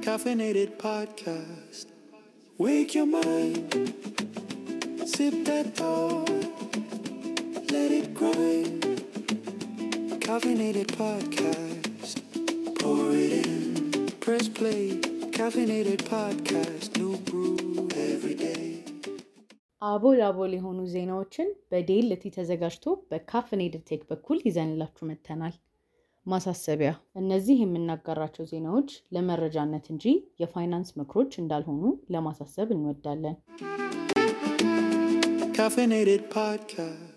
Caffeinated podcast. Wake your mind. Sip that thought. Let it grind. Caffeinated podcast. Press play, caffeinated podcast, new brew every day. አቦል አቦል የሆኑ ዜናዎችን በዴልቲ ተዘጋጅቶ በካፍኔድ ቴክ በኩል ይዘንላችሁ መጥተናል። ማሳሰቢያ፣ እነዚህ የምናጋራቸው ዜናዎች ለመረጃነት እንጂ የፋይናንስ ምክሮች እንዳልሆኑ ለማሳሰብ እንወዳለን። ካፍኔድ ፖድካስት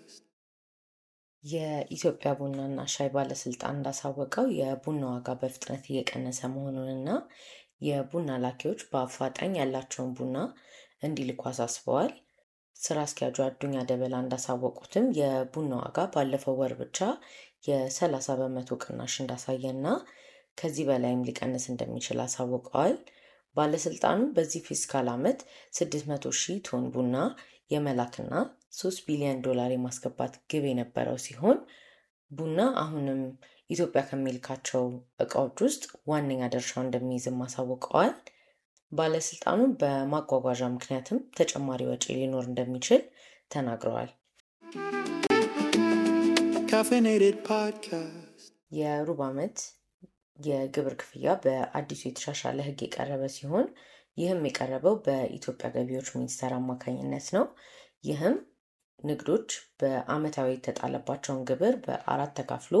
የኢትዮጵያ ቡናና ሻይ ባለስልጣን እንዳሳወቀው የቡና ዋጋ በፍጥነት እየቀነሰ መሆኑንና የቡና ላኪዎች በአፋጣኝ ያላቸውን ቡና እንዲልኩ አሳስበዋል። ስራ አስኪያጁ አዱኛ ደበላ እንዳሳወቁትም የቡና ዋጋ ባለፈው ወር ብቻ የሰላሳ በመቶ ቅናሽ እንዳሳየና ከዚህ በላይም ሊቀንስ እንደሚችል አሳውቀዋል። ባለስልጣኑ በዚህ ፊስካል ዓመት 600 ሺህ ቶን ቡና የመላክና ሶስት ቢሊዮን ዶላር የማስገባት ግብ የነበረው ሲሆን ቡና አሁንም ኢትዮጵያ ከሚልካቸው እቃዎች ውስጥ ዋነኛ ድርሻ እንደሚይዝም አሳውቀዋል። ባለስልጣኑ በማጓጓዣ ምክንያትም ተጨማሪ ወጪ ሊኖር እንደሚችል ተናግረዋል። የሩብ ዓመት የግብር ክፍያ በአዲሱ የተሻሻለ ሕግ የቀረበ ሲሆን ይህም የቀረበው በኢትዮጵያ ገቢዎች ሚኒስቴር አማካኝነት ነው። ይህም ንግዶች በአመታዊ የተጣለባቸውን ግብር በአራት ተካፍሎ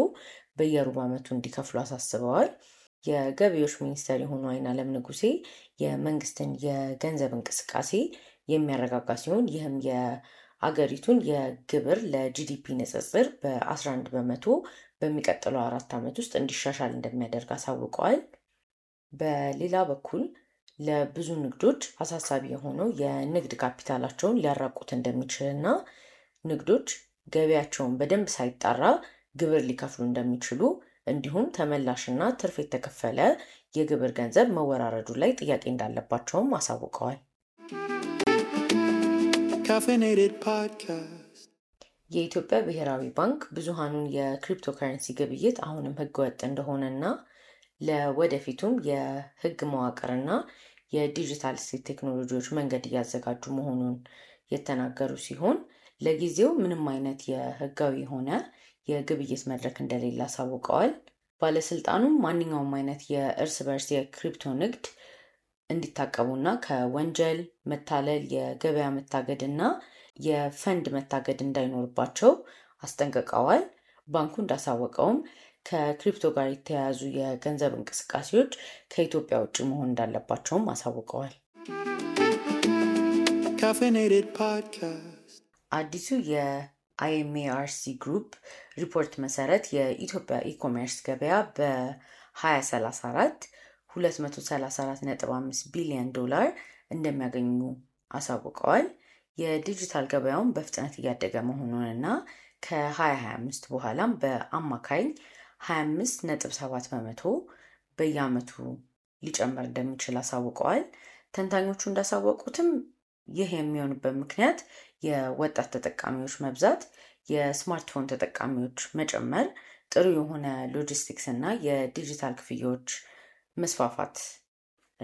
በየሩብ ዓመቱ እንዲከፍሉ አሳስበዋል። የገቢዎች ሚኒስተር የሆኑ አይናለም ንጉሴ የመንግስትን የገንዘብ እንቅስቃሴ የሚያረጋጋ ሲሆን ይህም የአገሪቱን የግብር ለጂዲፒ ንጽጽር በ11 በመቶ በሚቀጥለው አራት ዓመት ውስጥ እንዲሻሻል እንደሚያደርግ አሳውቀዋል። በሌላ በኩል ለብዙ ንግዶች አሳሳቢ የሆነው የንግድ ካፒታላቸውን ሊያራቁት እንደሚችል እና ንግዶች ገቢያቸውን በደንብ ሳይጣራ ግብር ሊከፍሉ እንደሚችሉ እንዲሁም ተመላሽና ትርፍ የተከፈለ የግብር ገንዘብ መወራረዱ ላይ ጥያቄ እንዳለባቸውም አሳውቀዋል። የኢትዮጵያ ብሔራዊ ባንክ ብዙሃኑን የክሪፕቶከረንሲ ግብይት አሁንም ህገወጥ እንደሆነና ለወደፊቱም የህግ መዋቅርና የዲጂታል ሴት ቴክኖሎጂዎች መንገድ እያዘጋጁ መሆኑን የተናገሩ ሲሆን ለጊዜው ምንም አይነት የህጋዊ የሆነ የግብይት መድረክ እንደሌለ አሳውቀዋል። ባለስልጣኑ ማንኛውም አይነት የእርስ በርስ የክሪፕቶ ንግድ እንዲታቀቡና ከወንጀል መታለል፣ የገበያ መታገድ እና የፈንድ መታገድ እንዳይኖርባቸው አስጠንቅቀዋል። ባንኩ እንዳሳወቀውም ከክሪፕቶ ጋር የተያያዙ የገንዘብ እንቅስቃሴዎች ከኢትዮጵያ ውጭ መሆን እንዳለባቸውም አሳውቀዋል። አዲሱ የአይኤምኤአርሲ ግሩፕ ሪፖርት መሰረት የኢትዮጵያ ኢኮሜርስ ገበያ በ2034 234.5 ቢሊዮን ዶላር እንደሚያገኙ አሳውቀዋል። የዲጂታል ገበያውን በፍጥነት እያደገ መሆኑንና ከ2025 በኋላም በአማካኝ 25.7 በመቶ በየዓመቱ ሊጨምር እንደሚችል አሳውቀዋል። ተንታኞቹ እንዳሳወቁትም ይህ የሚሆንበት ምክንያት የወጣት ተጠቃሚዎች መብዛት፣ የስማርትፎን ተጠቃሚዎች መጨመር፣ ጥሩ የሆነ ሎጂስቲክስ እና የዲጂታል ክፍያዎች መስፋፋት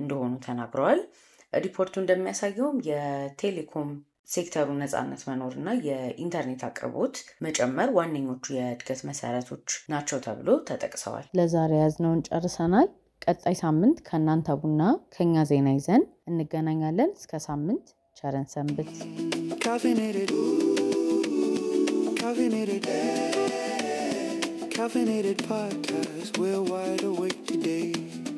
እንደሆኑ ተናግረዋል። ሪፖርቱ እንደሚያሳየውም የቴሌኮም ሴክተሩ ነፃነት መኖር እና የኢንተርኔት አቅርቦት መጨመር ዋነኞቹ የእድገት መሰረቶች ናቸው ተብሎ ተጠቅሰዋል። ለዛሬ ያዝነውን ጨርሰናል። ቀጣይ ሳምንት ከእናንተ ቡና ከኛ ዜና ይዘን እንገናኛለን። እስከ ሳምንት ቸርን ሰንብት። Caffeinated podcast, we're wide awake today.